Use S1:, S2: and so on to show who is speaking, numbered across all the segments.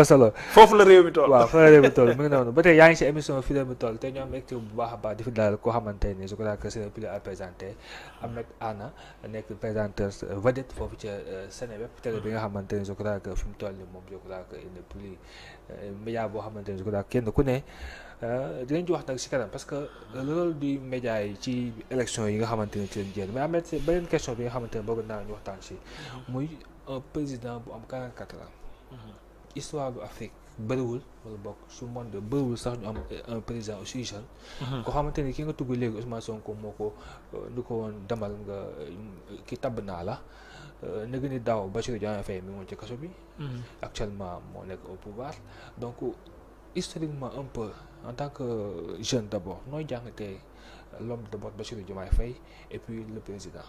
S1: Barcelone. foofu la réew mi toll ba tey yaa ngi si émission fi mi toll te ñoo am équipe bu baax a baax di fi dalal koo xamante ni je crois euh, foofu ca euh, Seneweb télé bi nga xamante ni je crois que fi mu toll ni moom je crois que il n'est plus euh, média boo xamante ni je kenn ku ne dinañ ci wax nag si kanam parce que loolu di média yi ci élection yi nga xamante ni ci lañ jël mais Ahmed beneen bi nga xamante ni bëgg naa ñu waxtaan si mm-hmm. muy un président bu am 44 ans
S2: mm-hmm.
S1: histoire bu Afrique bëriwul wala bokk su monde bëriwul sax ñu am euh, un président aussi jeune. Mhm. ko xamante ni ki nga tugg léegi Ousmane Sonko moo ko euh, lu ko woon demal nga euh, ki tabb naa la nëgë ni daaw Bassirou Diomaye Faye mi moom ci kaso bi. Mhm. actuellement moo nekk au pouvoir donc historiquement un peu en tant que
S3: jeune d' abord
S1: nooy jàngatee l'homme d'abord Bassirou Diomaye Faye et puis le président.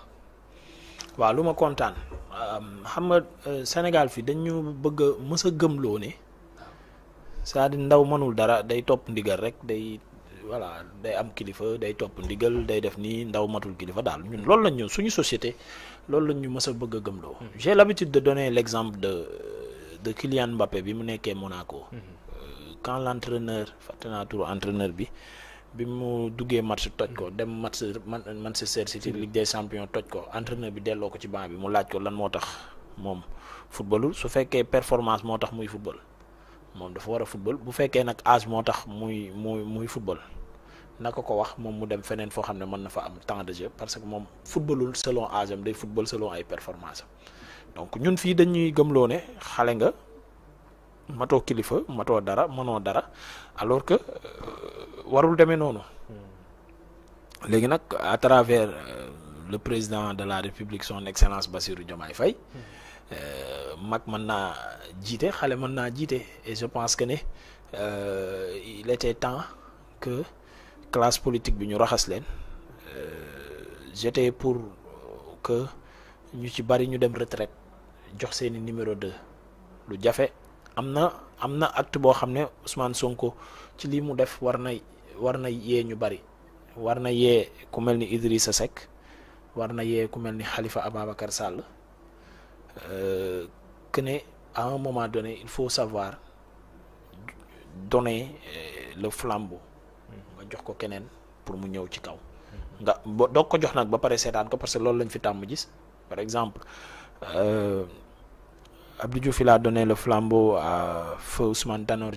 S3: waaw lu ma kontaan xam nga euh, Sénégal fii dañu bëgg a mës a gëmloo ne c'est-à-dire ndaw mënul dara day topp ndigal rek day voilà day am kilifa day topp ndigal day def nii ndaw matul kilifa daal ñun loolu lañu suñu société loolu lañ ñu mës a bëgg gëmloo. Mm-hmm. j'ai l'habitude de donner l'exemple de de Kylian Mbappé bi mu nekkee Monaco. Mm-hmm. Euh, quand l'entraîneur fàtte naa tur entraîneur bi. bi mu duggee match toj ko dem match man Manchester City Ligue des champions toj ko entraîneur bi delloo ko ci banc bi mu laaj ko lan moo tax moom footballul su fekkee performance moo tax muy football moom dafa war a football bu fekkee nag âge moo tax muy muy muy football naka ko wax moom mu dem feneen foo xam ne mën na fa am temps de jeu parce que moom footballul selon âge am day football selon ay performance donc ñun fii dañuy gëmloo ne xale nga matoo kilifa matoo dara mënoo dara alors que. Euh, warul demee noonu léegi nag à travers euh, le président de la république son excellence Bassirou Diomaye Faye euh, mag mën naa jiite xale mën naa jiite et je pense que ne euh, il était temps que classe politique bi ñu raxas leen euh, j'étais pour que ñu ci bari ñu dem retraite jox seeni numéro 2 lu jafe am na am na acte boo xam ne Ousmane Sonko ci lii mu def war nay war na yee ñu bari war na yee ku mel ni Idrissa Seck war na yee ku mel ni Khalifa Ababacar Sall euh, que ne à un moment donné il faut savoir donner euh, le flambeau nga jox ko keneen pour mu ñëw ci kaw nga ba doog ko jox nag ba pare seetaan ko parce que loolu lañ fi tàmm gis par exemple euh, Abdou Diouf donné la flambeau à feu Ousmane Tanor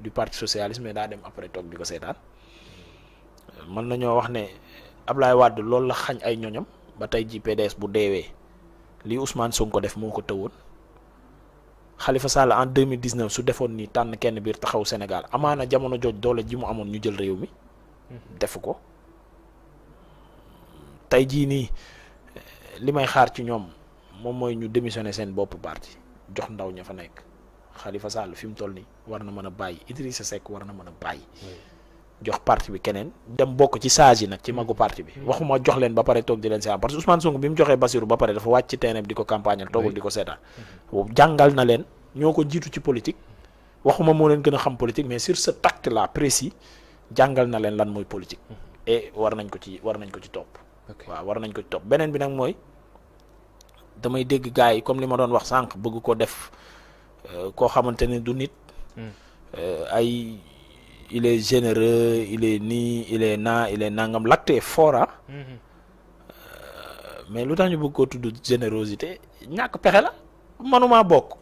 S3: du parti socialiste mais daa dem après toog di ko seetaan mën nañoo wax ne ab Ablaye Wade loolu la xañ ay ñoñam ba tey ji PDS bu deewee lii Ousmane ko def moo ko tëwoon xalifa Sall en 2019 su defoon nii tànn kenn biir taxaw senegal amaana jamono jooj doole ji mu amoon ñu jël réew mi mhm. defu ko tey jii nii li may xaar ci ñoom moom mooy ñu démissionné seen bopp parti jox ndaw ña fa nekk Khalifa Sall fi mu toll nii war na mën a bàyyi Idrissa Seck war na mën a bàyyi. jox parti bi keneen dem bokk ci saage yi nag ci magu parti bi mm. waxuma jox leen ba pare toog di leen seetaan parce que bi mu joxee Bassirou ba pare dafa wàcc ci terrain di ko campagne al toogul di ko seetaan mm-hmm. jàngal na leen ñoo ko jiitu ci politique waxuma moo leen gën a xam politique mais sur ce tact là précis jàngal na leen lan mooy politique mm-hmm. et war nañ ko ci war nañ ko ci topp waaw war nañ ko ci topp beneen bi nag mooy damay dégg gars yi comme ma doon wax sànq bëgg ko def Euh, koo xamante ne du nit. Hmm. Euh, ay il est généreux il est nii il est naa il est nangam l'acte fort ah. mais lu tax ñu bëgg koo tudd générosité ñàkk pexe la manuma bokk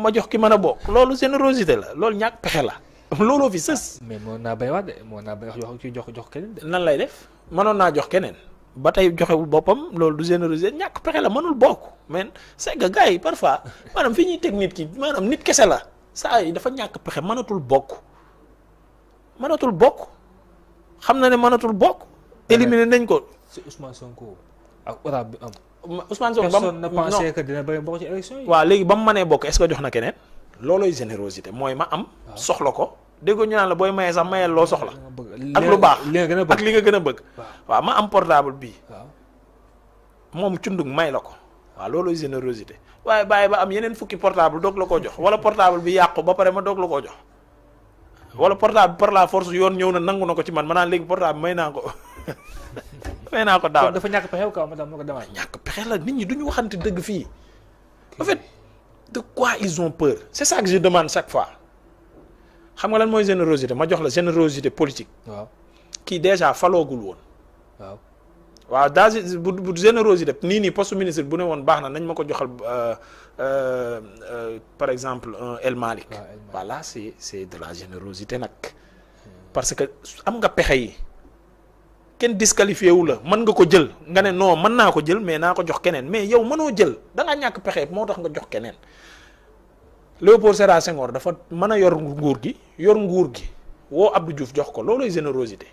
S3: ma jox ki mën a bokk loolu générosité la loolu ñàkk pexe la. looloo fi sës. Ah, mais moo naa bay wax de moo naa bay wax jox jox keneen de. nan lay def mënoon naa jox keneen. ba tey joxewul boppam loolu du générosité ñàkk pexe la mënul bokk mais c'est que gars yi parfois maanaam fi ñuy teg nit ki maanaam nit kese la saa yi dafa ñàkk pexe mënatul bokk mënatul bokk xam na ne mënatul bokk. éliminer nañ ko.
S1: si Ousmane Sonko
S3: ak ah, oraab bi am.
S1: Ah. Ousmane Sonko ba personne ne pensait que dina bëri bokk yi. waaw léegi
S3: ba mu mënee bokk est-ce que jox na keneen. loolooy générosité mooy ma am. Ah. soxla ko. déggoo ñu naan la booy maye sax mayel loo soxla. ak lu baax ak li nga gën a bëgg. waaw ma am portable bii. moom cundug may la ko. waaw loolooy générosité waaye bàyyi ba am yeneen fukki portable doog la ko jox wala portable bi yàqu ba pare ma doog la koo jox. wala portable par la force yoon ñëw na nangu na ko ci man ma naan léegi portable may naa ko may naa ko daaw. dafa ñàkk pexe kaw ma ko demaat. ñàkk pexe la nit ñi du ñu waxante dëgg fii en fait de quoi ils ont peur demande chaque fois. xam nga lan mooy générosité ma jox la générosité politique. waaw kii déjà faloogul woon. waaw waaw daa bu bu générosité nii nii poste ministre bu ne woon baax na nañ ma ko joxal euh, euh, euh, par exemple un ah, El Malick. voilà c'est c'est de la générosité nag. parce que am nga pexe yi kenn disqualifié wu la mën nga ko jël nga ne noo mën naa ko jël mais naa ko jox keneen mais yow manoo jël da ñàkk pexe moo tax nga jox keneen. Léopold Sédar Senghor dafa mën a yor nguur gi yor nguur gi woo Abdou juuf jox ko looloy générosité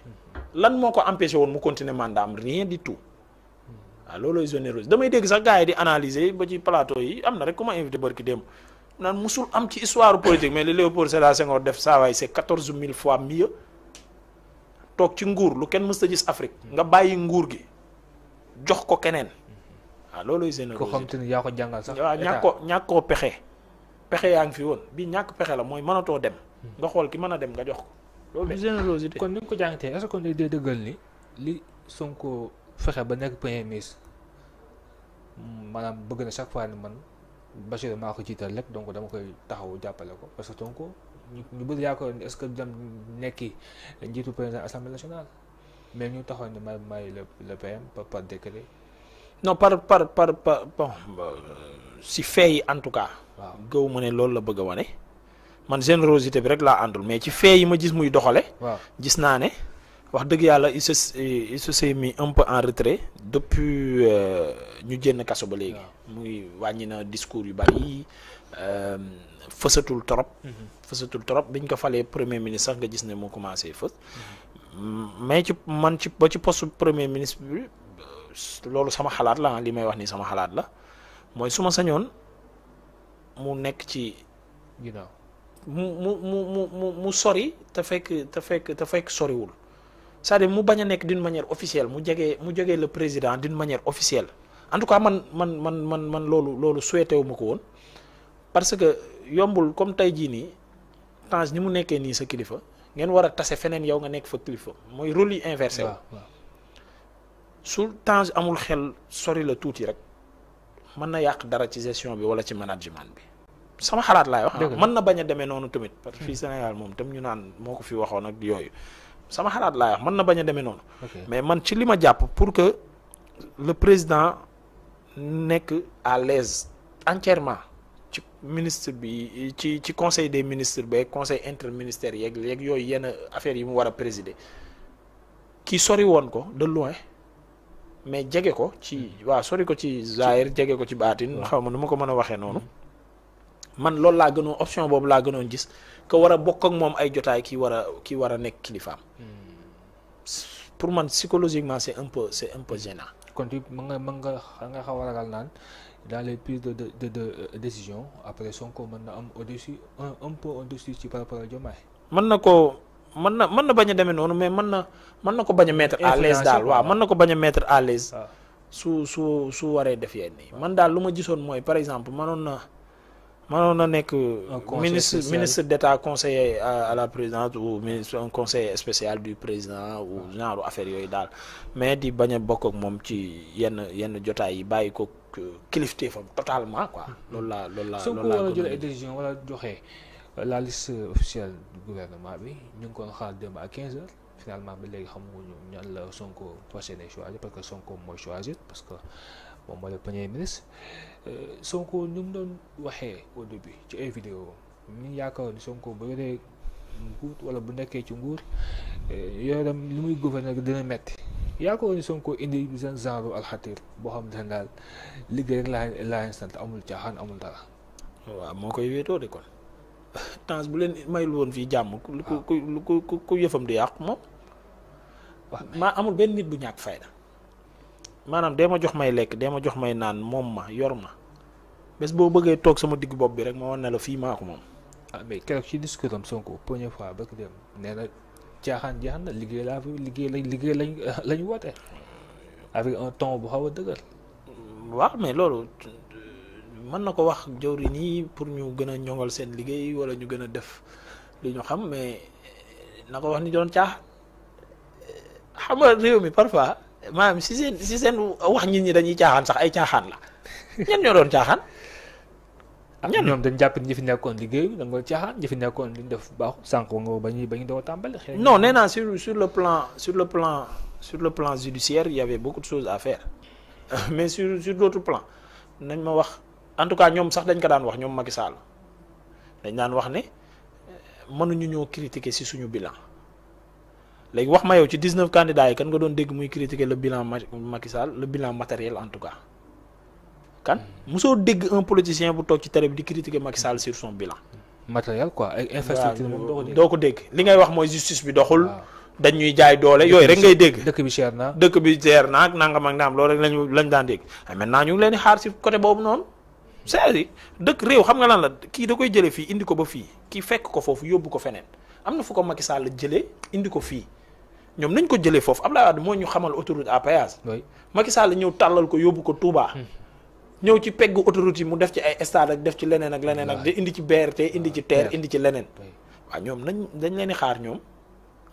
S3: lan moo ko empêché woon mu continuer mandat am rien di tout waaw ah, looloy générosité damay dégg sax gars di analyser ba ci plateau yi am na rek ku ma invité barki démb naan musul am ci histoire politique mais li Léopold Sédar Senghor def saa waay c'est quatorze mille fois mieux toog ci nguur lu kenn mës a gis Afrique nga bàyyi nguur gi jox ko keneen waaw ah, looloy générosité ko xam ni yaa ko jàngal sax waaw koo ñàkk pexe pexe yaa ngi fi woon bii ñàkk pexe la mooy mënatoo dem. Hmm. nga xool ki mën a dem nga jox ko. loolu générosité kon ni nga ko
S1: jàngatee est-ce que kon day dëggal ni li Sonko fexe ba nekk premier ministre maanaam bëgg na chaque fois ni man Bachir maa ko jiital rek donc dama koy taxaw jàppale ko parce que Sonko ñu bëri yaakaar ni est-ce que dem nekki njiitu président assemblée nationale mais ñu taxaw ni may may le le PM par décret.
S3: non par par par par bon si fee en tout cas. waaw gëw ma ne loolu la bëgg wane. man générosité bi rek laa àndul mais ci fee yi ma gis muy doxale gis naa ne wax dëgg yàlla il se il se s'est mis un en retrait depuis euh, ñu génn kaso ba léegi. muy wàññi na discours yu bari euh, fësatul trop. Mhm. fësatul trop biñ ko falee premier ministre sax nga gis ne moo commencé fës. Mhm. mais ci man ci ba ci poste premier ministre bi. loolu sama xalaat la li may wax ni sama xalaat la mooy su ma sañoon mu nekk ci ginnaaw mu mu mu mu mu sori te fekk te fekk te fekk soriwul cest à mu bañ a nekk d'une manière officielle mu jege mu jege la président d'une manière officielle en tout cas man man man man man loolu loolu souhaité wu ma ko woon parce que yombul comme tey jii nii Tange ni mu nekkee nii sa kilifa ngeen war a tase feneen yow nga nekk fa kilifa mooy rôle yi inversé wu su Tange amul xel sori la tuuti rek mën na yàq dara ci gestion bi wala ci management bi sama xalaat laay wax mën na bañ a demee noonu tamit parce que fii Sénégal moom tam ñu naan moo ko fi waxoon ak yooyu sama xalaat laay wax mën na bañ a demee noonu mais man ci li ma jàpp pour que le président nekk à l'aise entièrement ci ministre bi ci ci conseil des ministres ba conseil interministériel yeeg yooyu yenn affaires yi mu war a présider kii sori woon ko de loin mais jege ko ci hmm. waaw sori ko ci zaahir jege ko ci baatin xaw ma nu ma ko mën a waxee noonu man loolu laa gënoon option boobu laa gënoon gis que war a bokk ak moom ay jotaay ki war a ki war a nekk kilifaam hmm. pour man psychologiquement c'est un peu c'est un peu gênant kon tu mën nga mën nga
S1: nga xaw a ragal naan dans les prises de de de, de euh, décision après Sonko mën na am au-dessus un un peu ci par rapport ak Diomaye
S3: na ko man na mën na bañ a demee noonu mais mën na mën na ko bañ a mettre à l'aise daal waaw mën na ko bañ a à l'aise ah. su su su waree def yenn yi man daal lu ma gisoon mooy par exemple manoon na mënoon na nekk ministre ministre d'état conseiller à la président ou ministre un conseiller spécial du président ou ah. genre affaire yooyu daal mais di bañ a bokk ak moom ci yenn yenn jotaay yi bàyyi ko kilifteefam totalement quoi hmm. loolu laa loolu laa loolu laa ko jël
S1: ay joxe la liste officielle du gouvernement bi ñu ngi ko xaar démb à 15 heures finalement ba léegi xamuñu ñan la Sonko fas yéene choisir parce que Sonko mooy choisir parce que moom mooy le premier ministre euh, Sonko ñu mu doon waxee au début ci ay vidéo mi yaakaar ni Sonko bu yoree nguur wala bu nekkee ci nguur euh, yore dem li muy gouverner dina metti yaakaar ni Sonko indi seen genre alxatir boo xam ne daal liggéey rek laa laa sant amul caaxaan
S3: amul dara. waaw moo koy wéetoo de temps bu leen mayul woon fii jàmm ku ku ku ku yëfam di yàqu moom maa amul benn nit bu ñàkk fayda maanaam dee ma jox may lekk dee ma jox may naan moom ma yor ma bés boo bëggee toog sama diggu bopp bi rek ma wan ne la fii maa ko moom ah mais keroog ci discours am Sonko première fois ba dem nee na caaxaan jaaxaan na liggéey laa fi liggéey lañ liggéey lañ lañ woote avec un ton bu xaw a dëgër waaw mais loolu mën na ko wax jawriñ yi pour ñu gën a ñongal seen liggéey wala ñu gën a def li ñu xam mais na ko wax ni doon caax xam nga réew mi parfois maanaam si seen si seen wax nit ñi dañuy caaxaan sax ay caaxaan la ñan ñoo doon caaxaan. am ah, ñan ñoom dañ jàpp ni ñi fi nekkoon liggéey
S1: dañ koy caaxaan ñi fi nekkoon li ñu def baaxu sànq nga ba ñuy ba ñu doon tàmbali.
S3: non nee naa sur sur le plan sur le plan sur le plan judiciaire il y avait beaucoup de à faire mais sur sur d'autres nañ ma wax. en tout cas ñoom sax dañ ko daan wax ñoom Macky dañ daan wax ne eh, mënuñu ñoo critiquer si suñu bilan léegi wax ma yow ci 19 candidats yi kan nga doon dégg muy critiquer le bilan Macky Sall le bilan matériel en tout cas kan hmm. mosoo dégg un politicien bu toog ci télé bi di critiquer Macky Sall sur son bilan. matériel quoi ay e-, infrastructure doo ko dégg li ngay wax mooy justice bi doxul. dañuy jaay doole yooyu rek ngay dégg. dëkk bi cher na dëkk bi cher na ak nangam ak naam loolu rek lañ lañ daan ah, xaar ci côté boobu c'est-à-dire dëkk réew xam nga la la kii da koy jële fii indi ko ba fii kii fekk ko foofu yóbbu ko feneen am na fu ko Macky Sall jëlee indi ko fii ñoom nañ ko jëlee foofu Abdoulaye Wade moo ñu xamal autoroute à péage. oui Macky ñëw tàllal ko yóbbu ko Touba. Hmm. ñëw ci peggu autoroute yi mu def ci ay stade ak def ci leneen ak leneen ak. di indi ci BRT indi ci TER indi ci leneen. waaw ñoom nañ dañ leen di xaar ñoom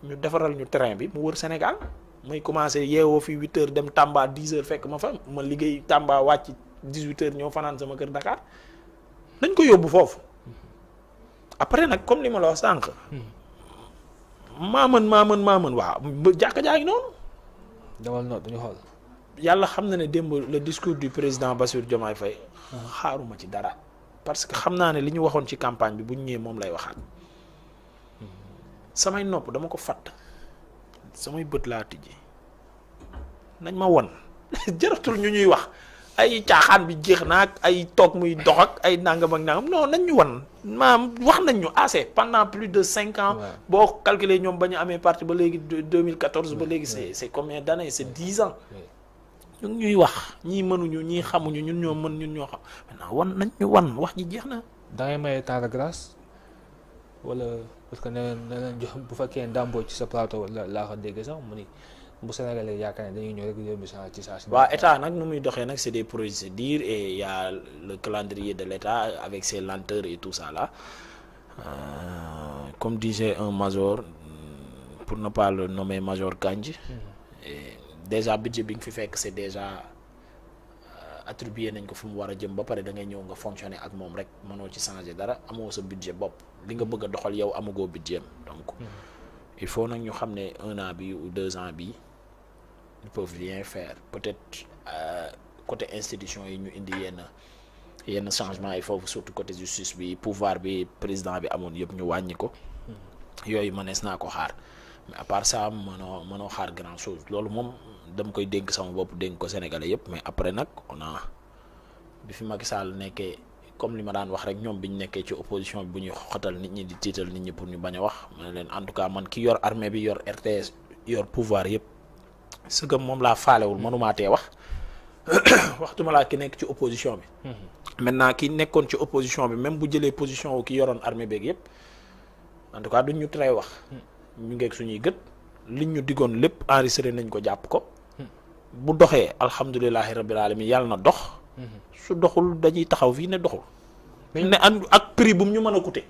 S3: ñu defaral ñu terrain bi mu wër Sénégal may commencé yeewoo fi 8 heures dem Tamba 10 heures fekk ma fa ma liggéey Tamba wàcc 18 ñoo ñëw fanaan sama kër Dakar dañ ko yóbbu foofu après nag comme li ma la wax sànq. maa mën maa mën maa mën waaw ba jàkka jaa ngi noonu. dawal noonu dañu xool. yàlla xam na ne démb la discours du président Bassirou Diomaye Faye. xaaruma ci dara. parce que xam naa ne li ñu waxoon ci campagne bi bu ñu ñëwee moom lay waxaat. samay nopp dama ko fatt samay bët laa tijji nañ ma won jaratul ñu ñuy wax. ay caaxaan bi jeex na ak ay toog muy dox ak ay nangam ak nangam non nañ ñu wan maam wax nañ ñu assez pendant plus de cinq ans. boo calculer ñoom ba ñu amee parti ba léegi deux mille quatorze ba léegi c'est c'est combien d'années c'est dix ans. ñu ngi ñuy wax ñii mënuñu ñii xamuñu ñun ñoo mën ñun ñoo xam maintenant wan nañ wan wax ji jeex na. da ngay maye temps de grâce
S1: wala parce que nee na leen jox bu fekkee ndàmboo ci sa plateau la laa ko déggee sax mu ni. bu Sénégalais yaakaar ne dañuy ñëw rek yóbbu ci saa si. waaw
S3: état nag nu muy doxe nag c' est des procédures et y' le calendrier de l' état avec ses lenteurs et tout ça là euh, comme disait un major pour ne pas le nommer major Kandji. Mm-hmm. déjà budget bi nga fi fekk c' est déjà euh, attribué nañ ko fu mu war a jëm ba pare da ngay ñëw nga fonctionner ak moom rek mënoo ci changer dara amoo sa budget bopp li nga bëgg a doxal yow amagoo budget am donc. Mm-hmm. il faut nag ñu xam ne un an bi ils peuvent rien peut-être euh, côté institution yi ñu indi yenn yenn changement yi foofu surtout côté justice bi pouvoir bi président bi amoon yëpp ñu wàññi ko hmm. yooyu mënees naa ko xaar mais à part ça mënoo mënoo xaar grand chose loolu moom dama koy dénk sama bopp dénk ko sénégale yëpp mais après nag on a bi fi Macky Sall nekkee comme li ma daan wax rek ñoom bi ñu nekkee ci opposition bi bu ñuy xoxatal nit ñi di tiital nit ñi pour ñu bañ a wax ma ne leen en tout cas man ki yor armée bi yor RTS yor pouvoir yëpp. sëgam moom laa faalewul mënumaa tee wax waxtuma laa ki nekk ci opposition bi mhm. maintenant ki nekkoon ci opposition bi même bu jëlee position wu ki yoroon armée beeg yépp en tout ñu tray wax mhm. ñu ngeeg suñuy gët liñ ñu diggoon lépp enregistré nañ ko jàpp ko mhm. bu doxee alhamdulilahi rabbil alamin yàlla na dox su doxul dañuy taxaw fii ne doxul ne ak prix bu ñu mën a coûter